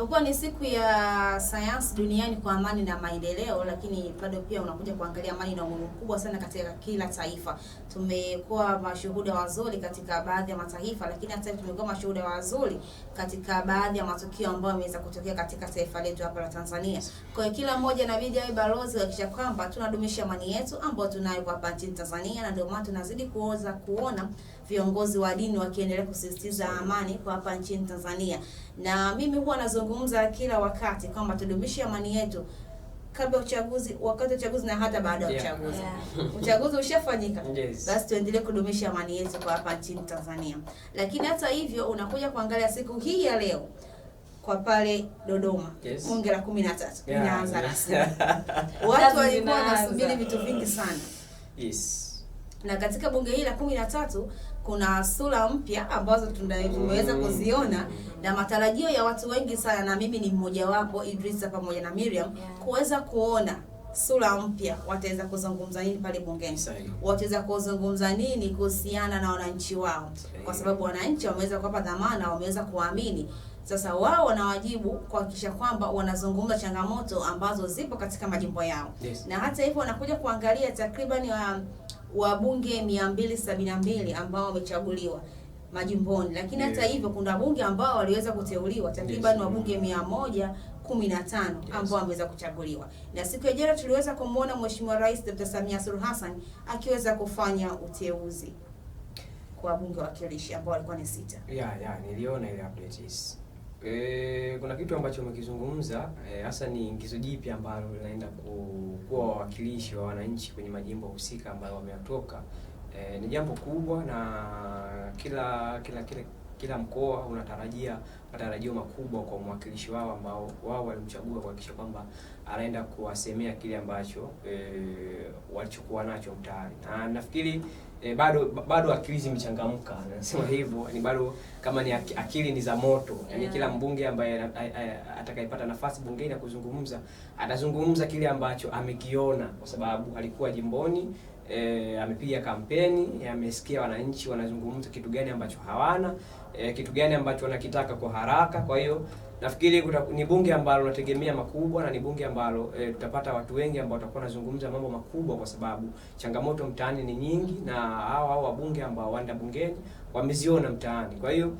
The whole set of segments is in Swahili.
Imekuwa ni siku ya sayansi duniani kwa amani na maendeleo, lakini bado pia unakuja kuangalia amani na umuhimu mkubwa sana katika kila taifa. Tumekuwa mashuhuda wazuri katika baadhi ya mataifa, lakini hata tumekuwa mashuhuda wazuri katika baadhi ya matukio ambayo yameweza kutokea katika taifa letu hapa la Tanzania. Kwa hiyo kila mmoja inabidi awe balozi kuhakikisha kwamba tunadumisha amani yetu ambayo tunayo hapa nchini Tanzania, na ndio maana tunazidi kuoza kuona viongozi wa dini wakiendelea kusisitiza amani kwa hapa nchini Tanzania na mimi huwa nazungumza kila wakati kwamba tudumishe amani yetu kabla uchaguzi, wakati uchaguzi na hata baada ya yeah. uchaguzi yeah. uchaguzi ushafanyika yes. Basi tuendelee kudumisha amani yetu kwa hapa nchini Tanzania. Lakini hata hivyo unakuja kuangalia siku hii ya leo kwa pale Dodoma yes. bunge la kumi na tatu linaanza rasmi. Watu walikuwa wanasubiri vitu vingi sana yes na katika bunge hili la kumi na tatu kuna sura mpya ambazo tunaweza mm. kuziona na matarajio ya watu wengi sana, na mimi ni mmoja wapo, Idrisa pamoja na Miriam, kuweza kuona sura mpya. Wataweza kuzungumza nini pale bungeni? Wataweza kuzungumza nini kuhusiana na wananchi wao? Kwa sababu wananchi wameweza kuwapa dhamana, wameweza kuamini sasa wao wana wajibu kuhakikisha kwamba wanazungumza changamoto ambazo zipo katika majimbo yao. Yes. Na hata hivyo wanakuja kuangalia takriban um, wabunge 272 ambao wamechaguliwa majimboni, lakini hata yeah, hivyo kuna bunge ambao waliweza kuteuliwa takriban yes, wabunge 115 ambao wameweza kuchaguliwa, na siku ya jana tuliweza kumwona Mheshimiwa Rais Dr. Samia Suluhu Hassan akiweza kufanya uteuzi kwa wabunge wakilishi ambao walikuwa ni sita. Yeah, yeah, niliona ile update E, kuna kitu ambacho umekizungumza eh, hasa e, ni ingizo jipya ambalo linaenda ku wawakilishi wa wananchi kwenye majimbo husika ambayo wameyatoka, e, ni jambo kubwa na kila kila kila kila mkoa unatarajia matarajio makubwa kwa mwakilishi wao ambao wao walimchagua kuhakikisha kwamba anaenda kuwasemea kile ambacho e, walichokuwa nacho mtaani, na nafikiri e, bado bado akili zimechangamka, nasema hivyo ni bado kama ni akili ni za moto yani yeah. Kila mbunge ambaye atakayepata nafasi bungeni ya kuzungumza atazungumza kile ambacho amekiona, kwa sababu alikuwa jimboni eh, amepiga kampeni, amesikia wananchi wanazungumza kitu gani ambacho hawana eh, kitu gani ambacho wanakitaka kwa haraka. Kwa hiyo nafikiri ni bunge ambalo nategemea makubwa na ni bunge ambalo eh, tutapata watu wengi ambao watakuwa wanazungumza mambo makubwa, kwa sababu changamoto mtaani ni nyingi, na hawa hao wabunge ambao wanda bungeni wameziona mtaani. Kwa hiyo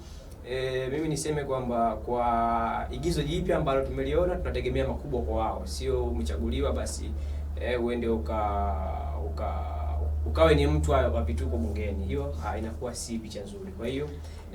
e, mimi niseme kwamba kwa igizo jipya ambalo tumeliona, tunategemea makubwa kwa wao, sio umechaguliwa basi e, uende uka uka ukawe ni mtu wa pituko bungeni, hiyo inakuwa si picha nzuri. Kwa hiyo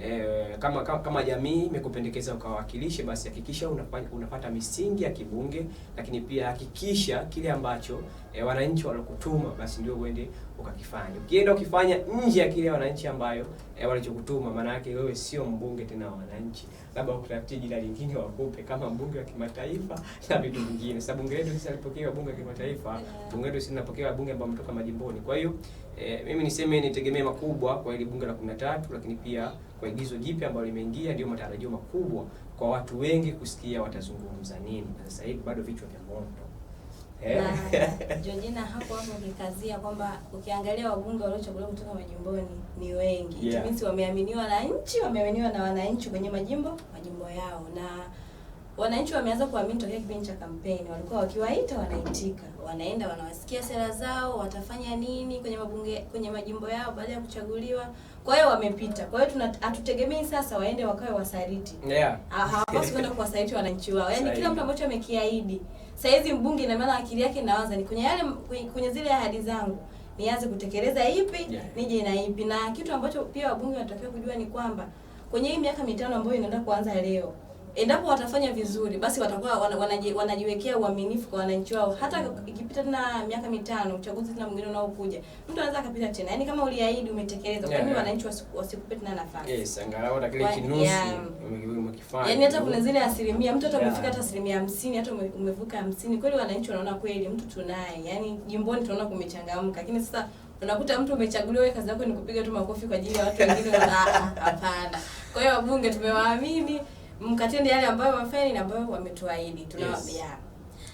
e, kama kama jamii imekupendekeza ukawakilishe, basi hakikisha unapata misingi ya kibunge, lakini pia hakikisha kile ambacho e, wananchi walokutuma, basi ndio uende ukakifanya. Ukienda ukifanya nje ya kile wananchi ambayo e, walichokutuma, maana yake wewe sio mbunge tena wa wananchi, labda wakutafutie jina lingine wakupe kama mbunge wa kimataifa na vitu vingine, sababu bunge letu sisi alipokea bunge wa kimataifa, bunge letu sisi tunapokea bunge ambao umetoka majimboni. Kwa hiyo e, mimi niseme nitegemee makubwa kwa ile bunge la 13 lakini pia kwa igizo jipya ambalo limeingia, ndio matarajio makubwa kwa watu wengi kusikia watazungumza nini, na sasa hivi bado vichwa vya moto. Eh? na Georgina hapo hapo ukikazia kwamba ukiangalia wabunge waliochaguliwa kutoka majimboni ni wengi yeah. Tumisi wameaminiwa na nchi, wameaminiwa na wananchi kwenye majimbo majimbo yao na wananchi wameanza kuamini Tokea kipindi cha kampeni, walikuwa wakiwaita wanaitika, wanaenda wanawasikia sera zao, watafanya nini kwenye mabunge, kwenye majimbo yao baada ya kuchaguliwa. Kwa hiyo wamepita, kwa hiyo hatutegemei sasa waende wakawe wasaliti, yeah. hawapaswi kwenda kuwasaliti wananchi wao, yaani kila mtu ambacho amekiahidi sasa hivi mbunge, ina maana akili yake inawaza ni kwenye yale kwenye zile ahadi zangu nianze kutekeleza ipi, yeah. nije na ipi, na kitu ambacho pia wabunge wanatakiwa kujua ni kwamba kwenye hii miaka mitano ambayo inaenda kuanza leo endapo watafanya vizuri basi watakuwa wanaji, wanajiwekea uaminifu kwa wananchi wao. Hata ikipita tena miaka mitano, uchaguzi tena mwingine unaokuja, mtu anaweza akapita tena, yaani kama uliahidi umetekeleza, kwa nini wananchi wasikupe tena nafasi? Yes, angalau hata kile kinusu umekifanya. Yaani hata kuna zile asilimia, mtu hata umefika hata asilimia hamsini, hata umevuka hamsini, kweli wananchi wanaona kweli mtu tunaye, yaani jimboni tunaona kumechangamka, lakini sasa unakuta mtu umechaguliwa, wewe kazi yako ni kupiga tu makofi kwa ajili ya watu wengine. Ah, ah, hapana. Kwa hiyo wabunge tumewaamini mkatende yale ambayo wafeni na ambayo wametuahidi tunawaambia. yes.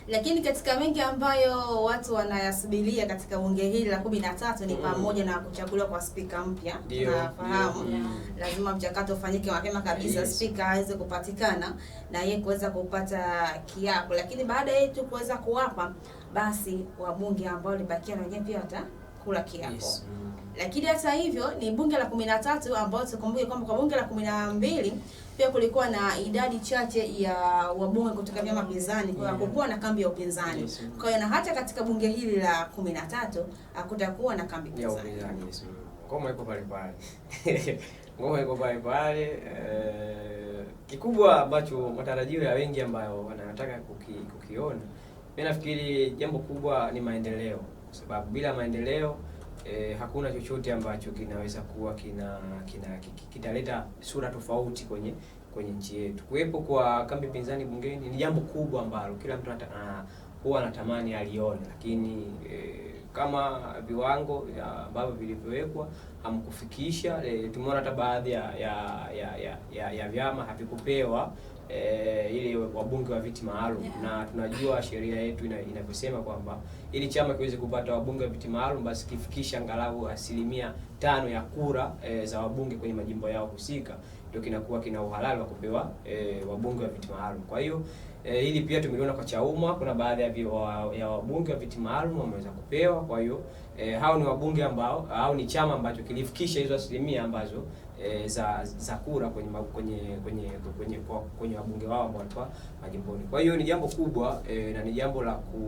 Lakini katika mengi ambayo watu wanayasubiria katika bunge hili la kumi na tatu ni mm. pamoja na kuchaguliwa kwa spika mpya. Nafahamu mm. lazima mchakato ufanyike mapema kabisa, yes. Spika aweze kupatikana na yeye kuweza kupata kiapo, lakini baada ya yeye tu kuweza kuwapa, basi wabunge ambao libakia na wenyewe pia wata kula kiapo yes. Lakini hata hivyo ni bunge la kumi na tatu ambao tukumbuke kwamba kwa bunge la kumi na mbili pia kulikuwa na idadi chache ya wabunge kutoka vyama pinzani, kwa hakukuwa na kambi ya upinzani. Kwa hiyo na hata katika bunge hili la kumi na tatu hakutakuwa na kambi pinzani. Ngoma iko pale pale, ngoma iko pale pale. Eh, kikubwa ambacho matarajio ya wengi ambayo wanataka kuki, kukiona, mimi nafikiri jambo kubwa ni maendeleo, kwa sababu bila maendeleo eh, hakuna chochote ambacho kinaweza kuwa kina kitaleta kina, sura tofauti kwenye kwenye nchi yetu. Kuwepo kwa kambi pinzani bungeni ni jambo kubwa ambalo kila mtu ah, huwa anatamani alione, lakini eh, kama viwango ambavyo vilivyowekwa hamkufikisha. E, tumeona hata baadhi ya ya, ya, ya, ya, ya vyama havikupewa E, eh, ili wabunge wa viti maalum yeah. Na tunajua sheria yetu inavyosema ina kwamba ili chama kiweze kupata wabunge wa viti maalum basi kifikisha angalau asilimia tano ya kura e, za wabunge kwenye majimbo yao husika ndio kinakuwa kina uhalali wa kupewa e, wabunge wa viti maalum. Kwa hiyo e, hili pia tumeliona kwa Chauma, kuna baadhi ya wabunge wa viti maalum wameweza kupewa. Kwa hiyo e, hao ni wabunge ambao au ni chama ambacho kilifikisha hizo asilimia ambazo e, za za kura kwenye kwenye kwenye kwenye, kwa, kwenye wabunge wao ambao walikuwa majimboni. Kwa hiyo ni jambo kubwa e, na ni jambo la ku,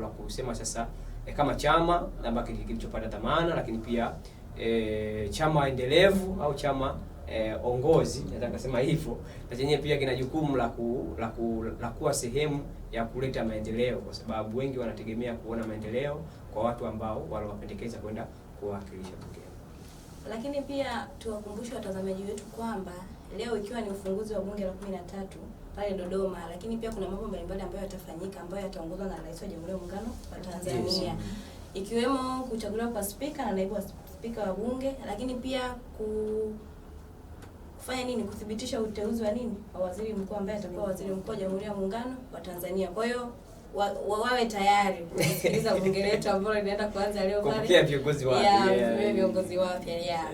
la kusema sasa e, kama chama ambacho kilichopata dhamana, lakini pia e, chama endelevu au chama eh, ongozi nataka kusema hivyo, na chenye pia kina jukumu la ku, la ku, la kuwa sehemu ya kuleta maendeleo, kwa sababu wengi wanategemea kuona maendeleo kwa watu ambao waliwapendekeza kwenda kuwakilisha bungeni. Lakini pia tuwakumbushe watazamaji wetu kwamba leo ikiwa ni ufunguzi wa bunge la 13 pale Dodoma, lakini pia kuna mambo mbalimbali ambayo yatafanyika ambayo yataongozwa na Rais wa Jamhuri ya Muungano wa Tanzania yes. ikiwemo kuchaguliwa kwa spika na naibu wa spika wa bunge, lakini pia ku kufanya nini, kuthibitisha uteuzi wa nini wa waziri mkuu ambaye atakuwa waziri mkuu wa Jamhuri ya Muungano wa Tanzania. Kwa hiyo wa, wa, wawe tayari kusikiliza bunge letu ambalo linaenda kuanza leo pale, viongozi wapya, viongozi wapya.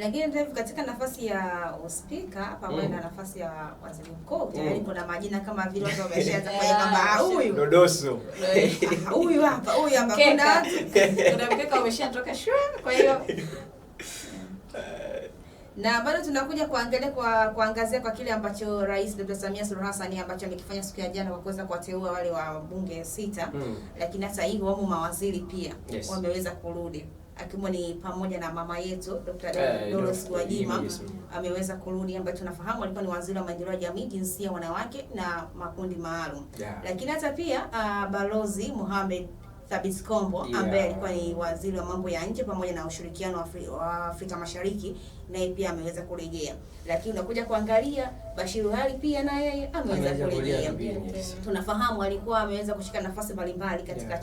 Lakini ndio katika nafasi ya uspika pamoja mm. na nafasi ya waziri mkuu tayari mm. kuna majina kama vile watu wameshaanza kufanya kwamba ah, huyu dodoso, ah, huyu hapa, huyu hapa, kuna mkeka umeshatoka shule, kwa hiyo na bado tunakuja kuangalia kwa kuangazia kwa kile ambacho Rais Dr. Samia Suluhu Hassan ambacho amekifanya siku ya jana kwa kuweza kuwateua wale wa bunge sita mm. Lakini hata hivyo wamo mawaziri pia yes. Wameweza kurudi akiwemo ni pamoja na mama yetu Dr. Eh, Dorothy Gwajima ameweza kurudi, ambaye tunafahamu alikuwa ni waziri wa maendeleo ya jamii, jinsia, wanawake na makundi maalum yeah. Lakini hata pia uh, balozi Mohamed Thabit Kombo yeah, ambaye alikuwa ni waziri wa mambo ya nje pamoja na ushirikiano wa Afri, Afrika Mashariki naye pia ameweza kurejea, lakini unakuja kuangalia Bashiru Hali pia na yeye ameweza kurejea. Tunafahamu alikuwa ameweza kushika nafasi mbalimbali katika yeah,